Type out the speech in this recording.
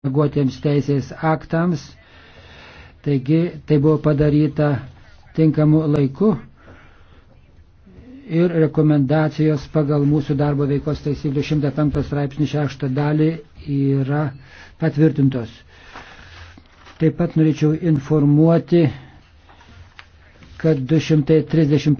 deleguotiems teisės aktams. Taigi tai buvo padaryta tinkamu laiku ir rekomendacijos pagal mūsų darbo veikos taisyklių 105 straipsnį 6 dalį yra patvirtintos. Taip pat norėčiau informuoti, kad 231